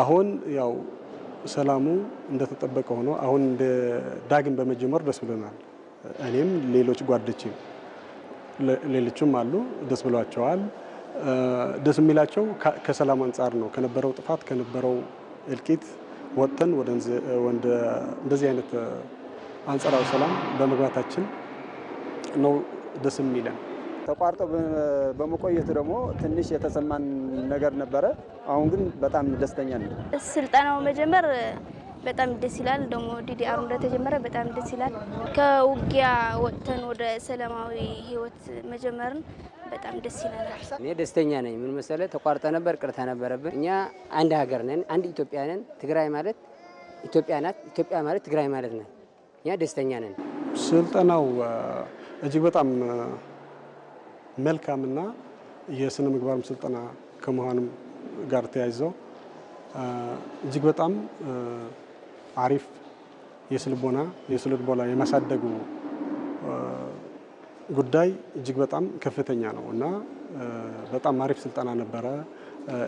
አሁን ያው ሰላሙ እንደተጠበቀ ሆኖ አሁን እንደ ዳግም በመጀመር ደስ ብለናል። እኔም ሌሎች ጓደች ሌሎችም አሉ ደስ ብሏቸዋል። ደስ የሚላቸው ከሰላም አንጻር ነው። ከነበረው ጥፋት ከነበረው እልቂት ወጥተን እንደዚህ አይነት አንጻራዊ ሰላም በመግባታችን ነው ደስ የሚለን። ተቋርጦ በመቆየት ደግሞ ትንሽ የተሰማን ነገር ነበረ። አሁን ግን በጣም ደስተኛ ነኝ። ስልጠናው መጀመር በጣም ደስ ይላል። ደግሞ ዲዲአሩ እንደተጀመረ በጣም ደስ ይላል። ከውጊያ ወጥተን ወደ ሰላማዊ ህይወት መጀመርን በጣም ደስ ይላል። እኔ ደስተኛ ነኝ። ምን መሰለ ተቋርጠ ነበር፣ ቅርታ ነበረብን። እኛ አንድ ሀገር ነን፣ አንድ ኢትዮጵያ ነን። ትግራይ ማለት ኢትዮጵያ ናት፣ ኢትዮጵያ ማለት ትግራይ ማለት ነን። እኛ ደስተኛ ነን። ስልጠናው እጅግ በጣም መልካምና የስነ ምግባርም ስልጠና ከመሆንም ጋር ተያይዘው እጅግ በጣም አሪፍ የስልቦና የስልቦና የማሳደጉ ጉዳይ እጅግ በጣም ከፍተኛ ነው እና በጣም አሪፍ ስልጠና ነበረ።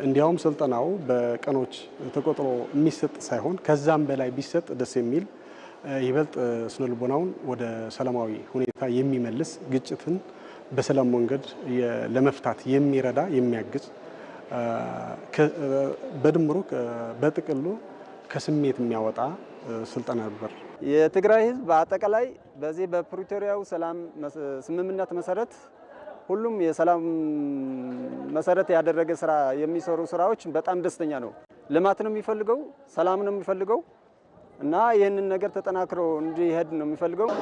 እንዲያውም ስልጠናው በቀኖች ተቆጥሮ የሚሰጥ ሳይሆን ከዛም በላይ ቢሰጥ ደስ የሚል ይበልጥ ስነልቦናውን ወደ ሰላማዊ ሁኔታ የሚመልስ ግጭትን በሰላም መንገድ ለመፍታት የሚረዳ የሚያግዝ በድምሩ በጥቅሉ ከስሜት የሚያወጣ ስልጠና ነበር። የትግራይ ሕዝብ በአጠቃላይ በዚህ በፕሪቶሪያው ሰላም ስምምነት መሰረት ሁሉም የሰላም መሰረት ያደረገ ስራ የሚሰሩ ስራዎች በጣም ደስተኛ ነው። ልማት ነው የሚፈልገው፣ ሰላም ነው የሚፈልገው። እና ይህንን ነገር ተጠናክሮ እንዲሄድ ነው የሚፈልገው።